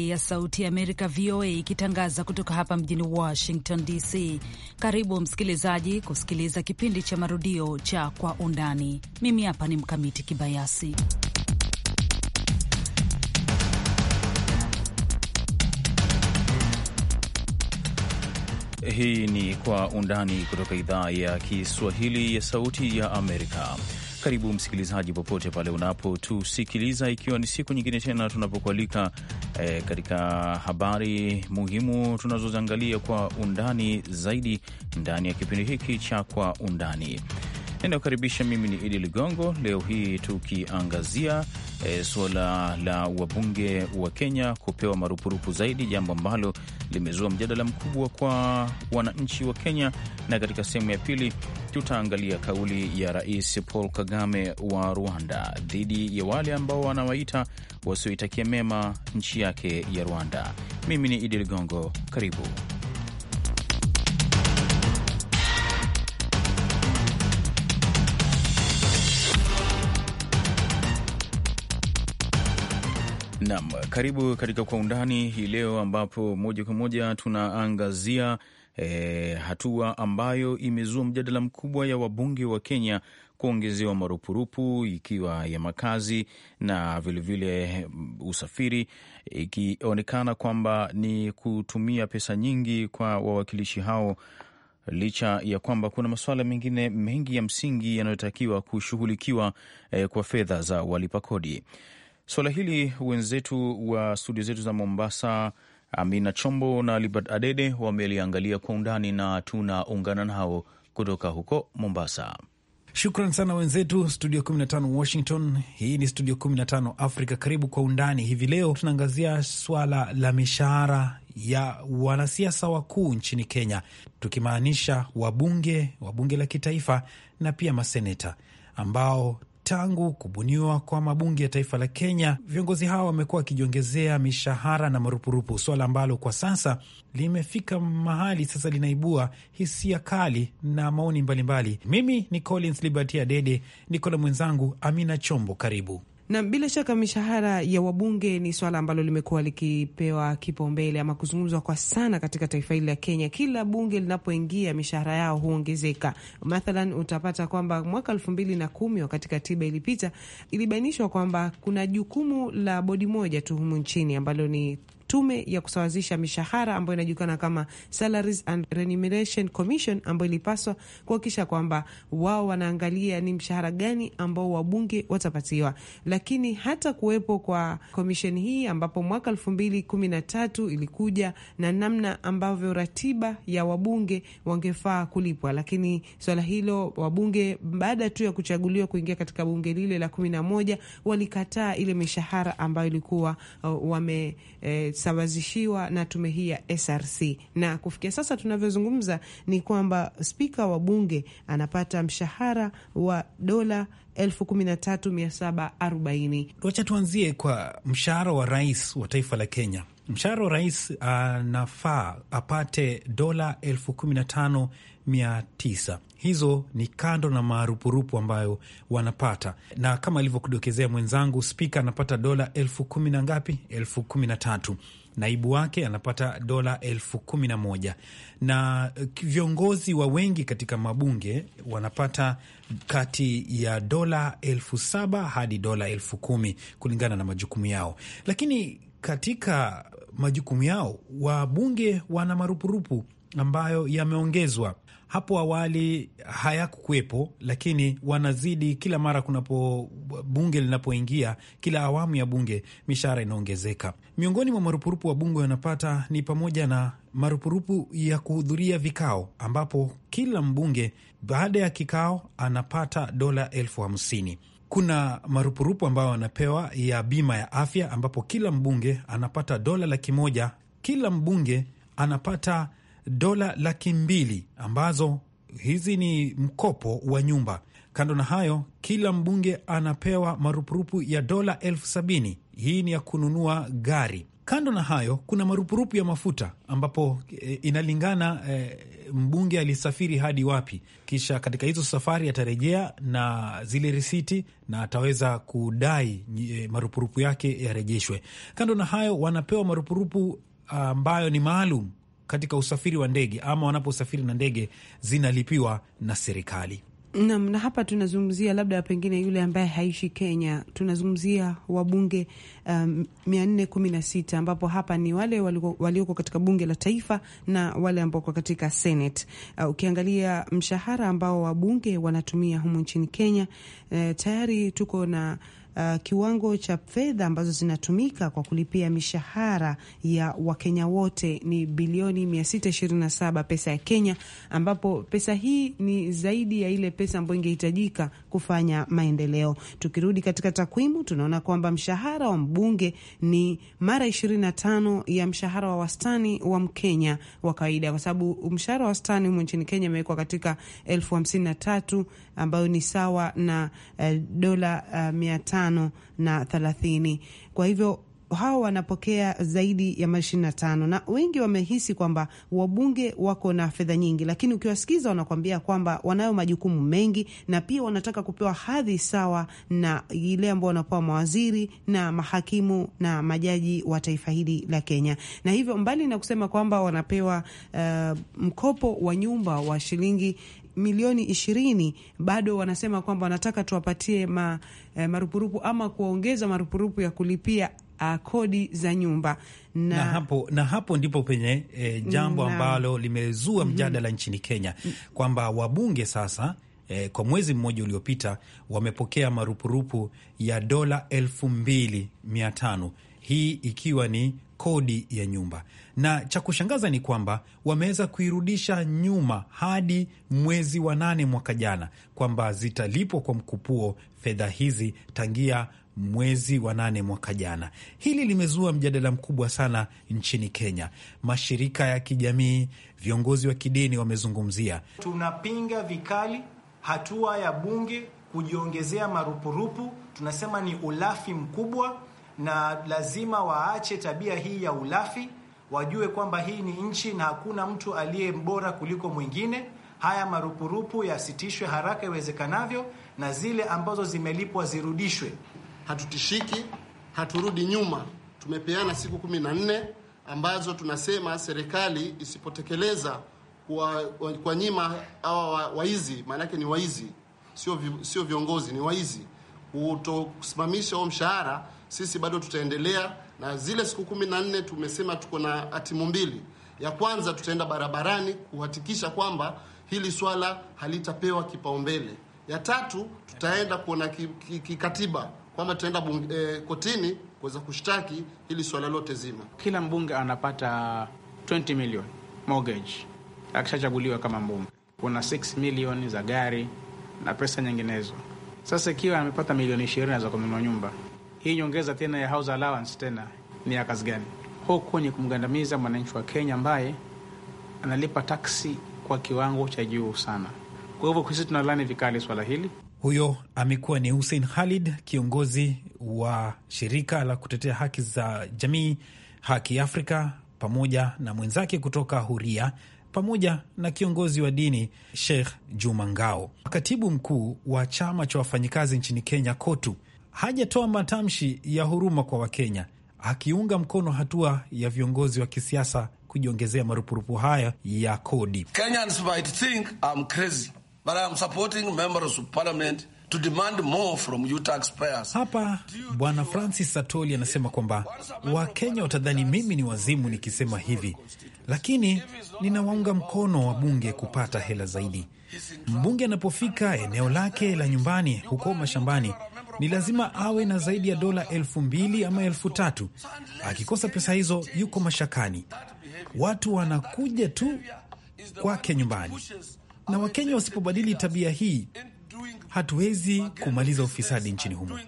ya Sauti ya Amerika VOA ikitangaza kutoka hapa mjini Washington DC. Karibu msikilizaji kusikiliza kipindi cha marudio cha Kwa Undani. Mimi hapa ni Mkamiti Kibayasi. Hii ni Kwa Undani kutoka idhaa ya Kiswahili ya Sauti ya Amerika. Karibu msikilizaji, popote pale unapotusikiliza, ikiwa ni siku nyingine tena tunapokualika e, katika habari muhimu tunazoziangalia kwa undani zaidi ndani ya kipindi hiki cha Kwa Undani ninayokaribisha mimi ni Idi Ligongo. Leo hii tukiangazia e, suala la wabunge wa Kenya kupewa marupurupu zaidi, jambo ambalo limezua mjadala mkubwa kwa wananchi wa Kenya, na katika sehemu ya pili tutaangalia kauli ya Rais Paul Kagame wa Rwanda dhidi ya wale ambao wanawaita wasioitakia mema nchi yake ya Rwanda. Mimi ni Idi Ligongo, karibu. Nam, karibu katika Kwa Undani hii leo, ambapo moja kwa moja tunaangazia e, hatua ambayo imezua mjadala mkubwa ya wabunge wa Kenya kuongezewa marupurupu ikiwa ya makazi na vilevile vile usafiri, ikionekana kwamba ni kutumia pesa nyingi kwa wawakilishi hao, licha ya kwamba kuna masuala mengine mengi ya msingi yanayotakiwa kushughulikiwa eh, kwa fedha za walipa kodi. Suala hili wenzetu wa studio zetu za Mombasa, Amina Chombo na Libert Adede wameliangalia kwa undani na tunaungana nao kutoka huko Mombasa. Shukran sana wenzetu studio 15 Washington. Hii ni studio 15 Afrika. Karibu kwa undani hivi leo, tunaangazia swala la mishahara ya wanasiasa wakuu nchini Kenya, tukimaanisha wabunge wa bunge la kitaifa na pia maseneta ambao Tangu kubuniwa kwa mabunge ya taifa la Kenya, viongozi hawa wamekuwa wakijiongezea mishahara na marupurupu, suala ambalo kwa sasa limefika mahali sasa linaibua hisia kali na maoni mbalimbali. Mimi ni Collins libertia Adede, niko na mwenzangu Amina Chombo. Karibu. Na bila shaka mishahara ya wabunge ni swala ambalo limekuwa likipewa kipaumbele ama kuzungumzwa kwa sana katika taifa hili la Kenya. Kila bunge linapoingia mishahara yao huongezeka. Mathalan, utapata kwamba mwaka elfu mbili na kumi wakati katiba ilipita, ilibainishwa kwamba kuna jukumu la bodi moja tu humu nchini ambalo ni tume ya kusawazisha mishahara ambayo inajulikana kama Salaries and Remuneration Commission, ambayo ilipaswa kuhakikisha kwamba wao wanaangalia ni mshahara gani ambao wabunge watapatiwa. Lakini hata kuwepo kwa komisheni hii, ambapo mwaka elfu mbili kumi na tatu ilikuja na namna ambavyo ratiba ya wabunge wangefaa kulipwa, lakini swala hilo wabunge baada tu ya kuchaguliwa kuingia katika bunge lile la kumi na moja walikataa ile mishahara ambayo ilikuwa uh, wame eh, wamesawazishiwa na tume hii ya SRC, na kufikia sasa tunavyozungumza ni kwamba spika wa bunge anapata mshahara wa dola 13740 Wacha tuanzie kwa mshahara wa rais wa taifa la Kenya Mshahara rais anafaa ah, apate dola elfu kumi na tano mia tisa. Hizo ni kando na marupurupu ambayo wanapata, na kama alivyokudokezea mwenzangu, spika anapata dola elfu kumi na ngapi? Elfu kumi na tatu. Naibu wake anapata dola elfu kumi na moja na eh, viongozi wa wengi katika mabunge wanapata kati ya dola elfu saba hadi dola elfu kumi kulingana na majukumu yao. Lakini katika majukumu yao, wabunge wana marupurupu ambayo yameongezwa hapo awali hayakuwepo, lakini wanazidi kila mara kunapo bunge linapoingia, kila awamu ya bunge mishahara inaongezeka. Miongoni mwa marupurupu wa bunge wanapata ni pamoja na marupurupu ya kuhudhuria vikao, ambapo kila mbunge baada ya kikao anapata dola elfu hamsini kuna marupurupu ambayo wanapewa ya bima ya afya, ambapo kila mbunge anapata dola laki moja, kila mbunge anapata dola laki mbili ambazo hizi ni mkopo wa nyumba. Kando na hayo, kila mbunge anapewa marupurupu ya dola elfu sabini. Hii ni ya kununua gari. Kando na hayo, kuna marupurupu ya mafuta ambapo e, inalingana e, mbunge alisafiri hadi wapi, kisha katika hizo safari atarejea na zile risiti na ataweza kudai e, marupurupu yake yarejeshwe. Kando na hayo, wanapewa marupurupu ambayo ni maalum katika usafiri wa ndege ama wanaposafiri na ndege zinalipiwa na serikali. Naam, na hapa tunazungumzia labda pengine yule ambaye haishi Kenya, tunazungumzia wabunge um, mia nne kumi na sita ambapo hapa ni wale walioko katika bunge la taifa na wale ambao wako katika Senate. Uh, ukiangalia mshahara ambao wabunge wanatumia humu nchini Kenya, uh, tayari tuko na uh, kiwango cha fedha ambazo zinatumika kwa kulipia mishahara ya Wakenya wote ni bilioni 627 pesa ya Kenya, ambapo pesa hii ni zaidi ya ile pesa ambayo ingehitajika kufanya maendeleo. Tukirudi katika takwimu, tunaona kwamba mshahara wa mbunge ni mara 25 ya mshahara wa wastani wa Mkenya wa kawaida, kwa sababu mshahara wa wastani humu nchini Kenya imewekwa katika elfu hamsini na tatu ambayo ni sawa na uh, dola uh, mia tano tano na thelathini. Kwa hivyo hao wanapokea zaidi ya ishirini na tano na wengi wamehisi kwamba wabunge wako na fedha nyingi, lakini ukiwasikiza wanakuambia kwamba wanayo majukumu mengi na pia wanataka kupewa hadhi sawa na ile ambao wanapewa mawaziri na mahakimu na majaji wa taifa hili la Kenya. Na hivyo mbali na kusema kwamba wanapewa uh, mkopo wa nyumba wa shilingi milioni ishirini bado wanasema kwamba wanataka tuwapatie ma, eh, marupurupu ama kuwaongeza marupurupu ya kulipia uh, kodi za nyumba na, na, hapo, na hapo ndipo penye eh, jambo na, ambalo limezua mhm. mjadala mm -hmm. nchini Kenya kwamba wabunge sasa eh, kwa mwezi mmoja uliopita wamepokea marupurupu ya dola elfu mbili mia tano hii ikiwa ni kodi ya nyumba. Na cha kushangaza ni kwamba wameweza kuirudisha nyuma hadi mwezi wa nane mwaka jana, kwamba zitalipwa kwa mkupuo fedha hizi tangia mwezi wa nane mwaka jana. Hili limezua mjadala mkubwa sana nchini Kenya. Mashirika ya kijamii, viongozi wa kidini wamezungumzia. Tunapinga vikali hatua ya bunge kujiongezea marupurupu, tunasema ni ulafi mkubwa na lazima waache tabia hii ya ulafi. Wajue kwamba hii ni nchi na hakuna mtu aliye mbora kuliko mwingine. Haya marupurupu yasitishwe haraka iwezekanavyo, na zile ambazo zimelipwa zirudishwe. Hatutishiki, haturudi nyuma. Tumepeana siku kumi na nne ambazo tunasema serikali isipotekeleza kwa, kwa nyima hawa waizi, maanake ni waizi, sio sio viongozi, ni waizi, kutosimamisha huo mshahara sisi bado tutaendelea na zile siku kumi na nne. Tumesema tuko na hatimu mbili. Ya kwanza tutaenda barabarani kuhakikisha kwamba hili swala halitapewa kipaumbele. Ya tatu tutaenda kuona kikatiba kwamba tutaenda eh, kotini kuweza kushtaki hili swala lote zima. Kila mbunge anapata 20 million mortgage akishachaguliwa kama mbunge, kuna 6 million za gari na pesa nyinginezo. Sasa ikiwa amepata milioni 20 za kununua nyumba hii nyongeza tena ya house allowance tena ni ya kazi gani? Huku ni kumgandamiza mwananchi wa Kenya ambaye analipa taksi kwa kiwango cha juu sana. Kwa hivyo sisi tunalani vikali swala hili. Huyo amekuwa ni Hussein Khalid, kiongozi wa shirika la kutetea haki za jamii Haki Afrika, pamoja na mwenzake kutoka Huria pamoja na kiongozi wa dini Sheikh Juma Ngao. Katibu mkuu wa chama cha wafanyikazi nchini Kenya, KOTU, hajatoa matamshi ya huruma kwa Wakenya, akiunga mkono hatua ya viongozi wa kisiasa kujiongezea marupurupu haya ya kodi. To demand more from you taxpayers. Hapa Bwana Francis Atoli anasema kwamba Wakenya watadhani mimi ni wazimu nikisema hivi, lakini ninawaunga mkono wa bunge kupata hela zaidi. Mbunge anapofika eneo lake la nyumbani huko mashambani, ni lazima awe na zaidi ya dola elfu mbili ama elfu tatu. Akikosa pesa hizo, yuko mashakani. Watu wanakuja tu kwake nyumbani, na Wakenya wasipobadili tabia hii hatuwezi kumaliza ufisadi nchini humo,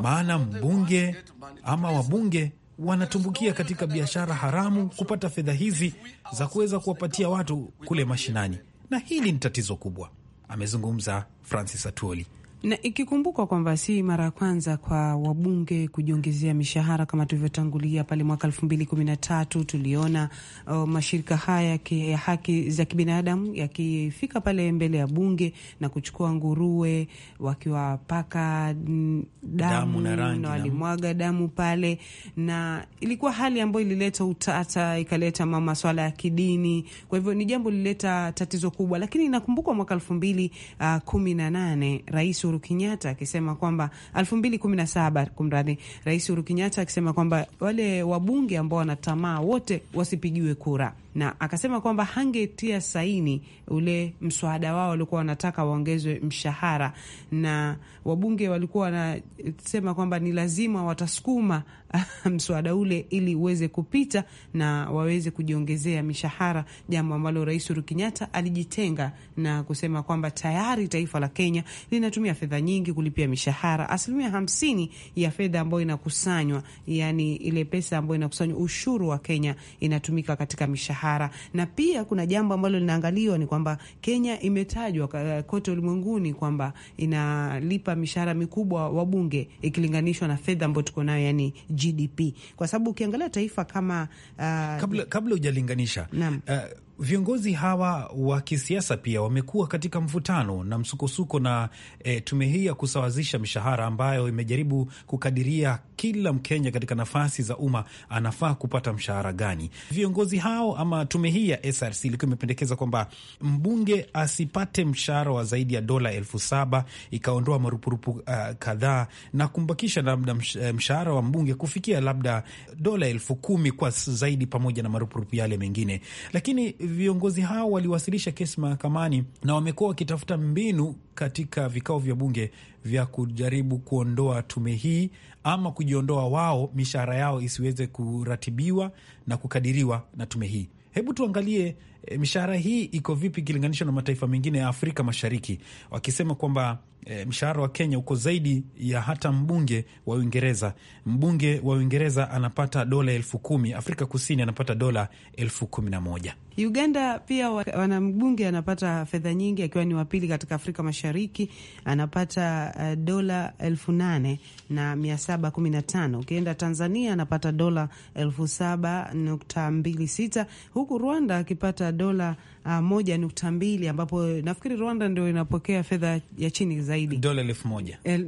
maana mbunge ama wabunge wanatumbukia katika biashara haramu kupata fedha hizi za kuweza kuwapatia watu kule mashinani, na hili ni tatizo kubwa, amezungumza Francis Atuoli na ikikumbukwa kwamba si mara ya kwanza kwa wabunge kujiongezea mishahara. Kama tulivyotangulia pale mwaka elfu mbili kumi na tatu tuliona uh, mashirika haya ya haki za kibinadamu yakifika pale mbele ya bunge na kuchukua nguruwe wakiwapaka damu, damu na rangi, na walimwaga damu pale, na ilikuwa hali ambayo ilileta utata, ikaleta maswala ya kidini. Kwa hivyo ni jambo lilileta tatizo kubwa, lakini inakumbukwa mwaka elfu mbili uh, kumi na nane rais Uhuru Kenyatta akisema kwamba 2017 kumradhi, Rais Uhuru Kenyatta akisema kwamba wale wabunge ambao wanatamaa wote wasipigiwe kura na akasema kwamba hangetia saini ule mswada wao waliokuwa wanataka waongezwe mshahara, na wabunge walikuwa wanasema kwamba ni lazima watasukuma mswada ule ili uweze kupita na waweze kujiongezea mishahara, jambo ambalo Rais Uhuru Kenyatta alijitenga na kusema kwamba tayari taifa la Kenya linatumia fedha nyingi kulipia mishahara. Asilimia hamsini ya fedha ambayo inakusanywa, yani ile pesa ambayo inakusanywa, ushuru wa Kenya inatumika katika mishahara. Sahara. Na pia kuna jambo ambalo linaangaliwa ni kwamba Kenya imetajwa uh, kote ulimwenguni kwamba inalipa mishahara mikubwa wa bunge ikilinganishwa na fedha ambayo tuko nayo, yani GDP, kwa sababu ukiangalia taifa kama uh, kabla kabla hujalinganisha uh, viongozi hawa wa kisiasa pia wamekuwa katika mvutano na msukosuko na e, tume hii ya kusawazisha mishahara ambayo imejaribu kukadiria kila Mkenya katika nafasi za umma anafaa kupata mshahara gani. Viongozi hao ama tume hii ya SRC ilikuwa imependekeza kwamba mbunge asipate mshahara wa zaidi ya dola elfu saba ikaondoa marupurupu uh, kadhaa na kumbakisha labda eh, mshahara wa mbunge kufikia labda dola elfu kumi kwa zaidi, pamoja na marupurupu yale mengine. Lakini viongozi hao waliwasilisha kesi mahakamani na wamekuwa wakitafuta mbinu katika vikao vya bunge vya kujaribu kuondoa tume hii ama kujiondoa wao, mishahara yao isiweze kuratibiwa na kukadiriwa na tume hii. Hebu tuangalie e, mishahara hii iko vipi ikilinganishwa na mataifa mengine ya Afrika Mashariki, wakisema kwamba e, mshahara wa Kenya uko zaidi ya hata mbunge wa Uingereza. Mbunge wa Uingereza anapata dola elfu kumi Afrika Kusini anapata dola elfu kumi na moja Uganda pia wanambunge anapata fedha nyingi, akiwa ni wapili katika Afrika Mashariki, anapata eh, dola elfu nane na mia saba kumi na tano. Ukienda Tanzania anapata dola elfu saba nukta mbili sita huku Rwanda akipata dola ah, moja nukta mbili ambapo nafikiri Rwanda ndio inapokea fedha ya chini zaidi dola elfu moja eh,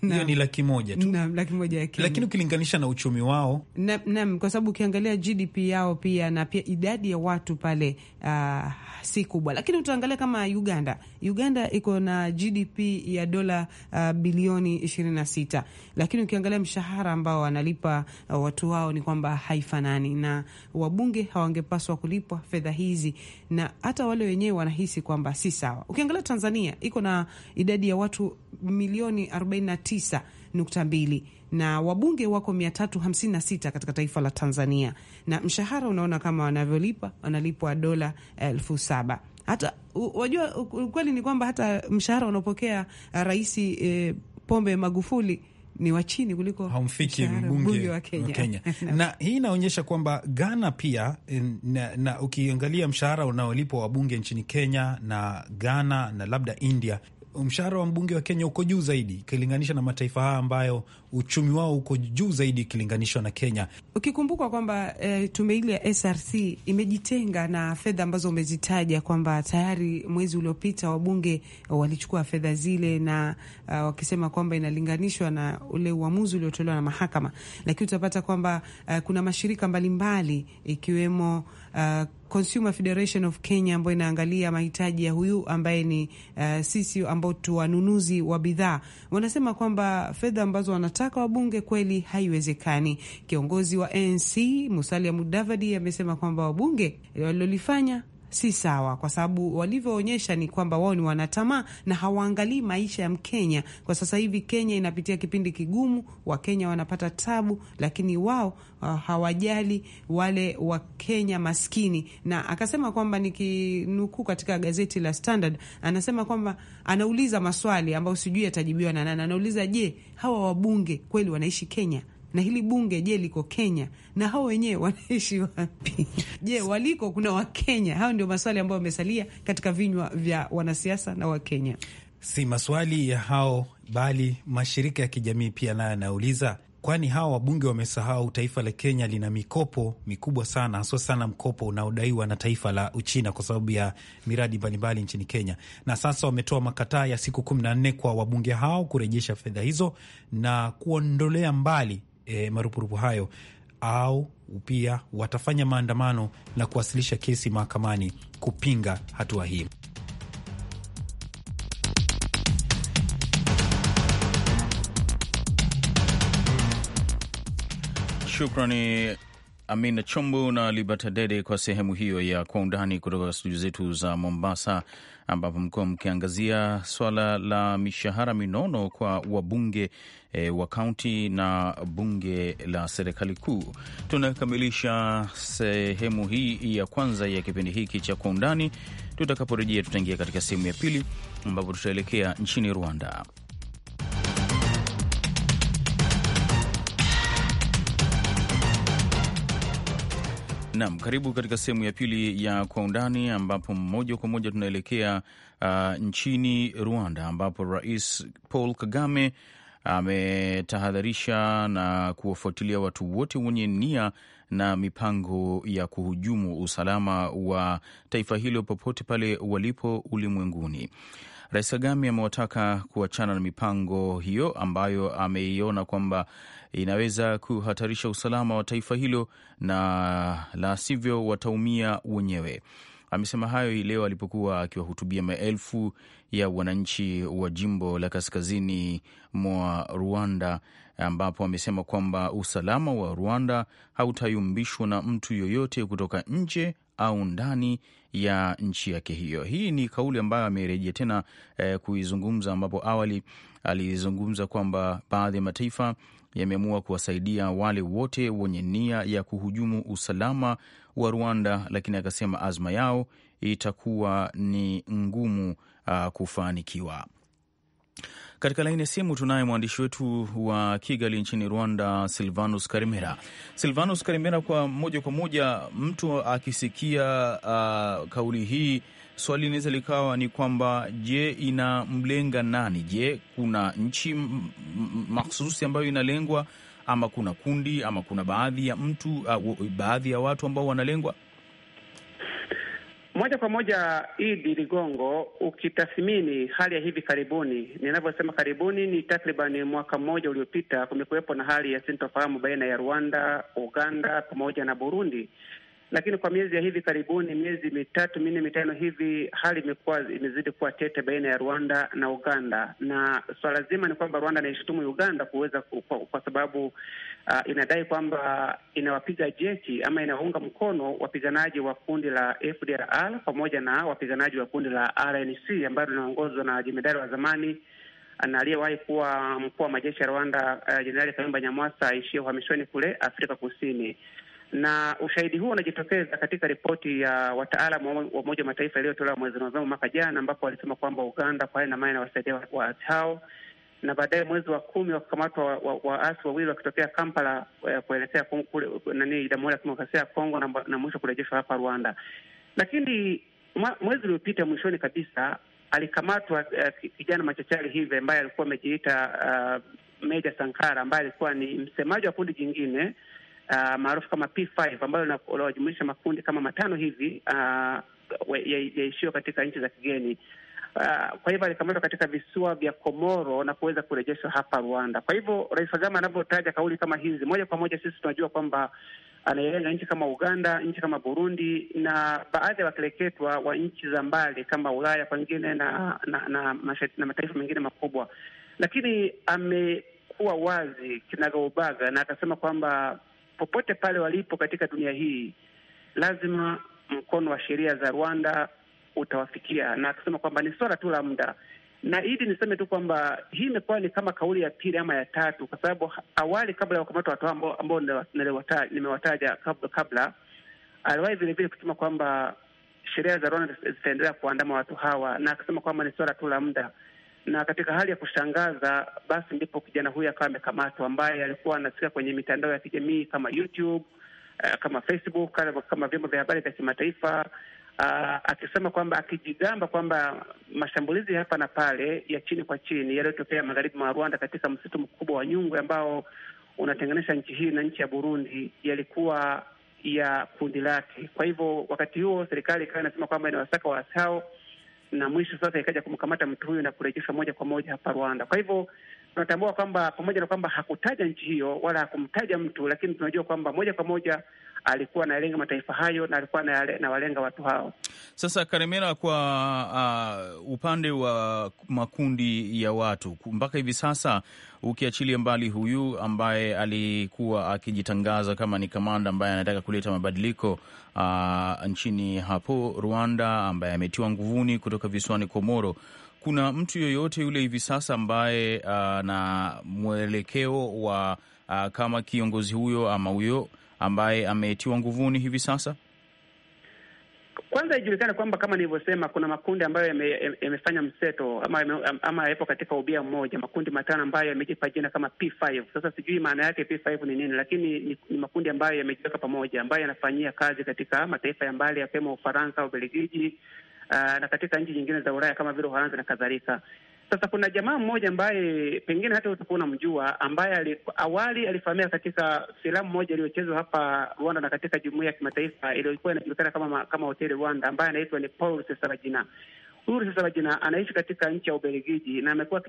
hiyo ni laki moja tu na, laki moja ya Kenya, lakini ukilinganisha na uchumi wao nam na, kwa sababu ukiangalia GDP yao pia na pia idadi ya watu pale uh, si kubwa, lakini utaangalia kama Uganda. Uganda iko na GDP ya dola uh, bilioni 26, lakini ukiangalia mshahara ambao wanalipa uh, watu wao ni kwamba haifanani, na wabunge hawangepaswa kulipwa fedha hizi, na hata wale wenyewe wanahisi kwamba si sawa. Ukiangalia Tanzania iko na idadi ya watu watu milioni 49.2 na wabunge wako 356 katika taifa la Tanzania, na mshahara unaona kama wanavyolipa wanalipwa dola elfu saba hata wajua, ukweli ni kwamba hata mshahara unaopokea uh, rais e, Pombe Magufuli ni wa chini kuliko haumfiki mbunge wa Kenya, Kenya. na hii inaonyesha kwamba Ghana pia eh, na, na ukiangalia mshahara unaolipwa wabunge nchini Kenya na Ghana na labda India mshahara wa mbunge wa Kenya uko juu zaidi ikilinganisha na mataifa haya ambayo uchumi wao uko juu zaidi ikilinganishwa na Kenya, ukikumbuka kwamba e, tume ile ya SRC imejitenga na fedha ambazo umezitaja kwamba tayari mwezi uliopita wabunge eh, walichukua fedha zile na uh, wakisema kwamba inalinganishwa na ule uamuzi uliotolewa na mahakama, lakini utapata kwamba uh, kuna mashirika mbalimbali mbali, ikiwemo uh, Consumer Federation of Kenya ambayo inaangalia mahitaji ya huyu ambaye ni uh, sisi ambao tu wanunuzi wa bidhaa, wanasema kwamba fedha ambazo wanataka wabunge kweli haiwezekani. Kiongozi wa ANC Musalia Mudavadi amesema kwamba wabunge walilolifanya si sawa, kwa sababu walivyoonyesha ni kwamba wao ni wanatamaa na hawaangalii maisha ya Mkenya. Kwa sasa hivi Kenya inapitia kipindi kigumu, Wakenya wanapata tabu, lakini wao uh, hawajali wale Wakenya maskini. Na akasema kwamba, nikinukuu katika gazeti la Standard, anasema kwamba anauliza maswali ambayo sijui yatajibiwa na nani. Anauliza, je, hawa wabunge kweli wanaishi Kenya? na hili bunge je, liko Kenya? Na hao wenyewe wanaishi wapi? Je, waliko kuna Wakenya? Hayo ndio maswali ambayo wamesalia katika vinywa vya wanasiasa na Wakenya. Si maswali ya hao, bali mashirika ya kijamii pia nayo yanauliza kwani hawa wabunge wamesahau taifa la Kenya lina mikopo mikubwa sana, haswa sana mkopo unaodaiwa na taifa la Uchina kwa sababu ya miradi mbalimbali nchini Kenya. Na sasa wametoa makataa ya siku kumi na nne kwa wabunge hao kurejesha fedha hizo na kuondolea mbali e, marupurupu hayo au pia watafanya maandamano na kuwasilisha kesi mahakamani kupinga hatua hii. Shukrani Amina Chombo na Liberta Dede kwa sehemu hiyo ya Kwa Undani kutoka studio zetu za Mombasa, ambapo mkuwa mkiangazia swala la mishahara minono kwa wabunge e, wa kaunti na bunge la serikali kuu. Tunakamilisha sehemu hii ya kwanza ya kipindi hiki cha Kwa Undani. Tutakaporejea tutaingia katika sehemu ya pili ambapo tutaelekea nchini Rwanda. Nam, karibu katika sehemu ya pili ya kwa undani, ambapo moja kwa moja tunaelekea uh, nchini Rwanda ambapo Rais Paul Kagame ametahadharisha na kuwafuatilia watu wote wenye nia na mipango ya kuhujumu usalama wa taifa hilo popote pale walipo ulimwenguni. Rais Kagame amewataka kuachana na mipango hiyo ambayo ameiona kwamba inaweza kuhatarisha usalama wa taifa hilo, na la sivyo wataumia wenyewe. Amesema hayo hii leo alipokuwa akiwahutubia maelfu ya wananchi wa jimbo la kaskazini mwa Rwanda, ambapo amesema kwamba usalama wa Rwanda hautayumbishwa na mtu yoyote kutoka nje au ndani ya nchi yake hiyo. Hii ni kauli ambayo amerejea tena eh, kuizungumza ambapo awali alizungumza kwamba baadhi ya mataifa yameamua kuwasaidia wale wote wenye nia ya kuhujumu usalama wa Rwanda, lakini akasema azma yao itakuwa ni ngumu uh, kufanikiwa. Katika laini ya simu tunaye mwandishi wetu wa Kigali nchini Rwanda, Silvanus Karimera. Silvanus Karimera, kwa moja kwa moja, mtu akisikia uh, kauli hii swali linaweza likawa ni kwamba je, inamlenga nani? Je, kuna nchi mahsusi ambayo inalengwa ama kuna kundi ama kuna baadhi ya mtu uh, baadhi ya watu ambao wanalengwa moja kwa moja. Idi Ligongo, ukitathmini hali ya hivi karibuni, ninavyosema karibuni ni takriban mwaka mmoja uliopita, kumekuwepo na hali ya sintofahamu baina ya Rwanda, Uganda pamoja na Burundi lakini kwa miezi ya hivi karibuni, miezi mitatu minne mitano hivi, hali imekuwa imezidi kuwa tete baina ya Rwanda na Uganda, na swala zima ni kwamba Rwanda inaishutumu Uganda kuweza kwa, kwa sababu uh, inadai kwamba inawapiga jeki ama inawaunga mkono wapiganaji wa kundi la FDLR pamoja na wapiganaji wa kundi la RNC ambalo linaongozwa na jemedari wa zamani na aliyewahi kuwa mkuu wa majeshi ya Rwanda ah, Jenerali uh, Kayumba Nyamwasa aishie uhamishoni kule Afrika Kusini na ushahidi huo unajitokeza katika ripoti ya wataalamu wa Umoja wa Mataifa iliyotolewa mwezi Novemba mwaka jana, ambapo walisema kwamba Uganda kwa hali na mali inawasaidia waasi hao, na baadaye mwezi wa kumi wakakamatwa waasi wawili wakitokea Kampala eh, kuelekea nani, Jamhuri ya Kidemokrasia ya Kongo na, na mwisho kurejeshwa hapa Rwanda. Lakini mwezi uliopita mwishoni kabisa alikamatwa uh, kijana machachari hivi ambaye alikuwa amejiita uh, Meja Sankara ambaye alikuwa ni msemaji wa kundi jingine uh, maarufu kama P5 ambayo inawajumuisha makundi kama matano hivi uh, yaishio katika nchi za kigeni. Uh, kwa hivyo alikamatwa katika visiwa vya Komoro na kuweza kurejeshwa hapa Rwanda. Kwa hivyo Rais Kagame anavyotaja kauli kama hizi, moja kwa moja sisi tunajua kwamba anaelenga nchi kama Uganda, nchi kama Burundi na baadhi ya wakeleketwa wa nchi za mbali kama Ulaya kwengine na na, na, na mataifa mengine makubwa, lakini amekuwa wazi kinagaubaga na akasema kwamba popote pale walipo katika dunia hii, lazima mkono wa sheria za Rwanda utawafikia, na akisema kwamba ni swala tu la muda. Na idi niseme tu kwamba hii imekuwa ni kama kauli ya pili ama ya tatu, kwa sababu awali, kabla ya kukamata watu ambao nimewataja kabla, kabla aliwahi vilevile kusema kwamba sheria za Rwanda zitaendelea kuandama watu hawa, na akisema kwamba ni swala tu la muda na katika hali ya kushangaza basi ndipo kijana huyu akawa amekamatwa, ambaye alikuwa anasika kwenye mitandao ya kijamii kama YouTube, uh, kama Facebook, kama, kama vyombo vya habari vya kimataifa uh, akisema kwamba akijigamba kwamba mashambulizi hapa na pale ya chini kwa chini yaliyotokea magharibi mwa Rwanda katika msitu mkubwa wa Nyungwe ambao unatenganisha nchi hii na nchi ya Burundi yalikuwa ya kundi lake. Kwa hivyo wakati huo serikali ikawa inasema kwamba inawasaka waasi hao na mwisho sasa ikaja kumkamata mtu huyu na kurejeshwa moja kwa moja hapa Rwanda. Kwa hivyo tunatambua kwamba pamoja na kwamba hakutaja nchi hiyo wala hakumtaja mtu, lakini tunajua kwamba moja kwa moja alikuwa analenga mataifa hayo na alikuwa anawalenga watu hao. Sasa Karemera, kwa uh, upande wa makundi ya watu mpaka hivi sasa, ukiachilia mbali huyu ambaye alikuwa akijitangaza kama ni kamanda ambaye anataka kuleta mabadiliko uh, nchini hapo Rwanda, ambaye ametiwa nguvuni kutoka visiwani Komoro, kuna mtu yoyote yule hivi sasa ambaye ana uh, na mwelekeo wa uh, kama kiongozi huyo ama huyo ambaye ametiwa nguvuni hivi sasa? Kwanza ijulikane kwamba kama nilivyosema, kuna makundi ambayo yamefanya yame mseto ama yame, ama yapo katika ubia mmoja, makundi matano ambayo yamejipa jina kama P5. Sasa sijui maana yake P5 ni nini, lakini ni, ni makundi ambayo yamejiweka pamoja, ambayo yanafanyia kazi katika mataifa ya mbali yakiwemo Ufaransa, Ubelgiji, uh, na katika nchi nyingine za Ulaya kama vile Uholanzi na kadhalika. Sasa kuna jamaa mmoja ambaye pengine hata utakuwa unamjua, ambaye ali, awali alifahamika katika filamu moja iliyochezwa hapa Rwanda na katika jumuia ya kimataifa iliyokuwa inajulikana kama kama Hoteli Rwanda, ambaye anaitwa ni Paul Rusesabagina. Uhuru sasa majina anaishi katika nchi ya Ubelgiji na amekuwa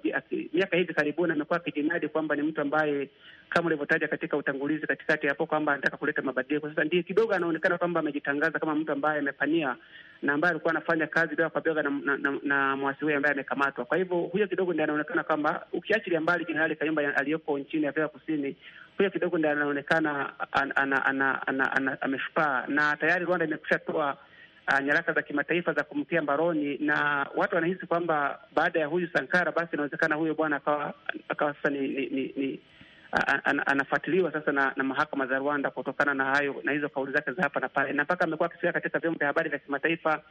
miaka hivi karibuni amekuwa akijinadi kwamba ni mtu ambaye kama ulivyotaja katika utangulizi katikati hapo kwamba anataka kuleta mabadiliko. Sasa ndiye kidogo anaonekana kwamba amejitangaza kama mtu ambaye amepania na ambaye alikuwa anafanya kazi bega kwa bega na, na, na, na mwasi huyo ambaye amekamatwa. Kwa hivyo huyo kidogo ndiye anaonekana kwamba ukiachilia mbali Jenerali Kayumba aliyoko nchini Afrika Kusini, huyo kidogo ndiye anaonekana an, an, an, an, an, an, an, ameshupaa na tayari Rwanda imekusha toa uh, nyaraka za kimataifa za kumtia mbaroni, na watu wanahisi kwamba baada ya huyu Sankara, basi inawezekana huyo bwana akawa akawa sasa ni, ni, ni, ni anafuatiliwa sasa na, na mahakama za Rwanda kutokana na hayo na hizo kauli zake za hapa na pale, na mpaka amekuwa akifika katika vyombo vya habari vya kimataifa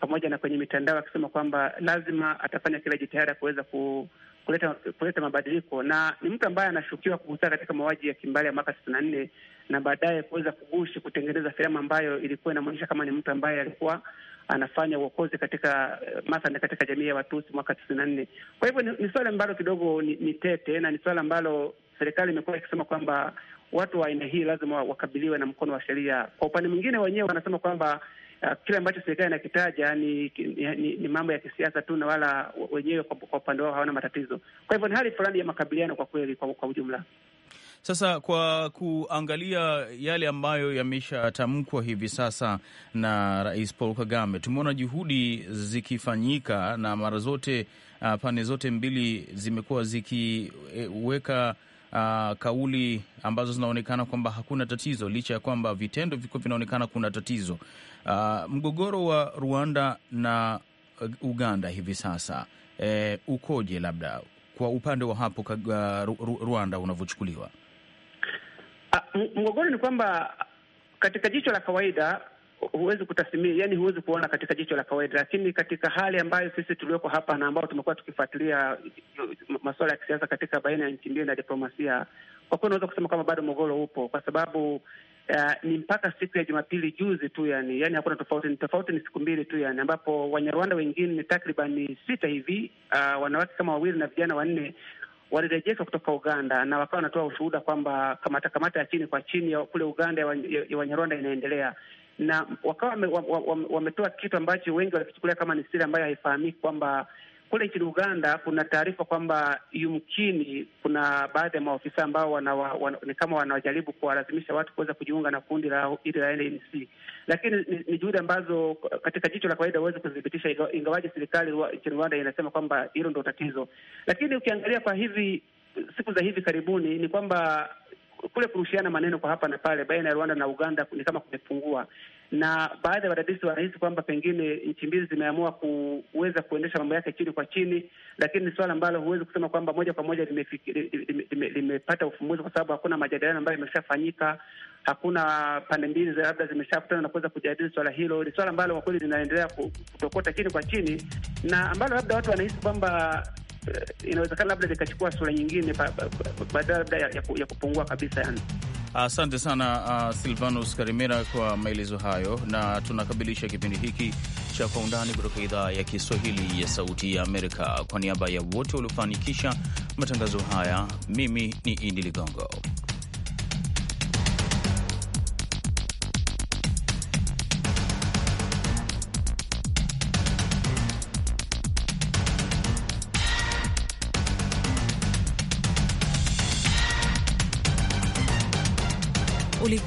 pamoja na kwenye mitandao akisema kwamba lazima atafanya kila jitihada kuweza ku, kuleta kuleta mabadiliko, na ni mtu ambaye anashukiwa kuhusika katika mauaji ya kimbali ya mwaka tisini na nne na baadaye kuweza kugushi kutengeneza filamu ambayo ilikuwa inamwonyesha kama ni mtu ambaye alikuwa anafanya uokozi katika eh, mathalan katika jamii ya Watusi mwaka tisini na nne. Kwa hivyo ni, ni swala ambalo kidogo ni, ni tete na ni swala ambalo serikali imekuwa ikisema kwamba watu wa aina hii lazima wakabiliwe na mkono wa sheria. Kwa upande mwingine, wenyewe wanasema kwamba uh, kile ambacho serikali inakitaja ni, ni, ni, ni mambo ya kisiasa tu na wala wenyewe kwa upande wao hawana matatizo. Kwa hivyo ni hali fulani ya makabiliano kwa kweli, kwa, kwa ujumla. Sasa kwa kuangalia yale ambayo yameshatamkwa hivi sasa na Rais Paul Kagame, tumeona juhudi zikifanyika na mara zote uh, pande zote mbili zimekuwa zikiweka uh, kauli ambazo zinaonekana kwamba hakuna tatizo, licha ya kwamba vitendo vilikuwa vinaonekana kuna tatizo. Uh, mgogoro wa Rwanda na Uganda hivi sasa eh, ukoje labda kwa upande wa hapo Rwanda unavyochukuliwa? Ah, mgogoro ni kwamba katika jicho la kawaida huwezi kutathmini, yani huwezi kuona katika jicho la kawaida, lakini katika hali ambayo sisi tulioko hapa na ambao tumekuwa tukifuatilia masuala ya kisiasa katika baina ya nchi mbili na diplomasia, kwa kweli unaweza kusema kwamba bado mgogoro upo, kwa sababu uh, ni mpaka siku ya Jumapili juzi tu yani, yani hakuna tofauti, ni tofauti ni siku mbili tu yani, ambapo Wanyarwanda wengine takriban sita hivi, uh, wanawake kama wawili na vijana wanne walirejeshwa kutoka Uganda na wakawa wanatoa ushuhuda kwamba kamata kamata ya chini kwa chini ya kule Uganda ya Wanyarwanda inaendelea, na wakawa wametoa kitu ambacho wengi walikichukulia kama ni siri ambayo haifahamiki kwamba kule nchini Uganda kuna taarifa kwamba yumkini kuna baadhi ya maofisa ambao wana, wana, ni kama wanajaribu kuwalazimisha watu kuweza kujiunga na kundi la hili la NNC, lakini ni, ni juhudi ambazo katika jicho la kawaida huwezi kuzithibitisha, ingawaje serikali nchini Rwanda inasema kwamba hilo ndo tatizo. Lakini ukiangalia kwa hivi siku za hivi karibuni ni kwamba kule kurushiana maneno kwa hapa na pale baina ya Rwanda na Uganda ni kama kumepungua na baadhi ya wadadisi wanahisi kwamba pengine nchi mbili zimeamua kuweza kuendesha mambo yake chini kwa chini, lakini ni suala ambalo huwezi kusema kwamba moja kwa moja limepata ufumbuzi, kwa sababu hakuna majadiliano ambayo yameshafanyika, hakuna pande mbili labda zimeshakutana na kuweza kujadili swala hilo. Ni swala ambalo kwa kweli linaendelea kutokota chini kwa chini, na ambalo labda watu wanahisi kwamba eh, inawezekana labda likachukua sura nyingine badala labda ya, ya, ya kupungua kabisa yani. Asante sana uh, Silvanus Karimera kwa maelezo hayo, na tunakamilisha kipindi hiki cha Kwa Undani kutoka idhaa ya Kiswahili ya Sauti ya Amerika. Kwa niaba ya wote waliofanikisha matangazo haya, mimi ni Idi Ligongo.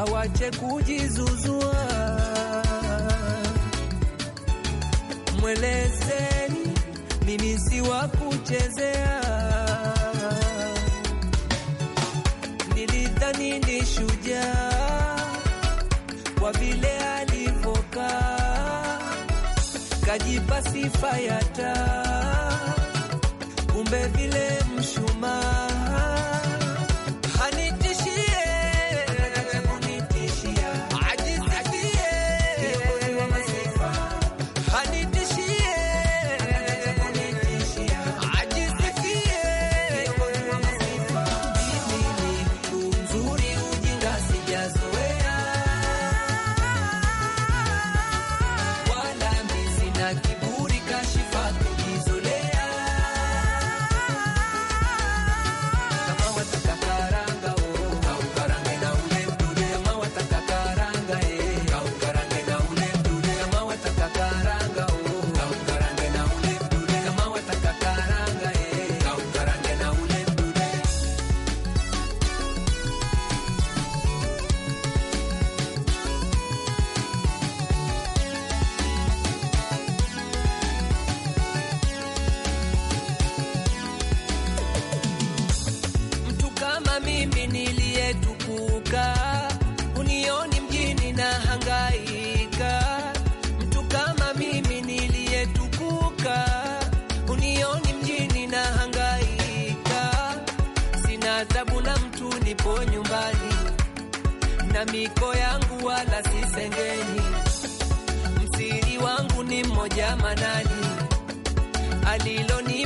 awache kujizuzua, mwelezeni mimi si wa kuchezea, nilidhani ni shujaa kwa vile alivokaa kajipa sifa ya taa, kumbe vile miko yangu wala sisengeni. Msiri wangu ni mmoja manani aliloni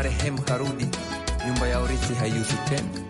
marehemu karudi, nyumba ya urithi haiuzwi tena.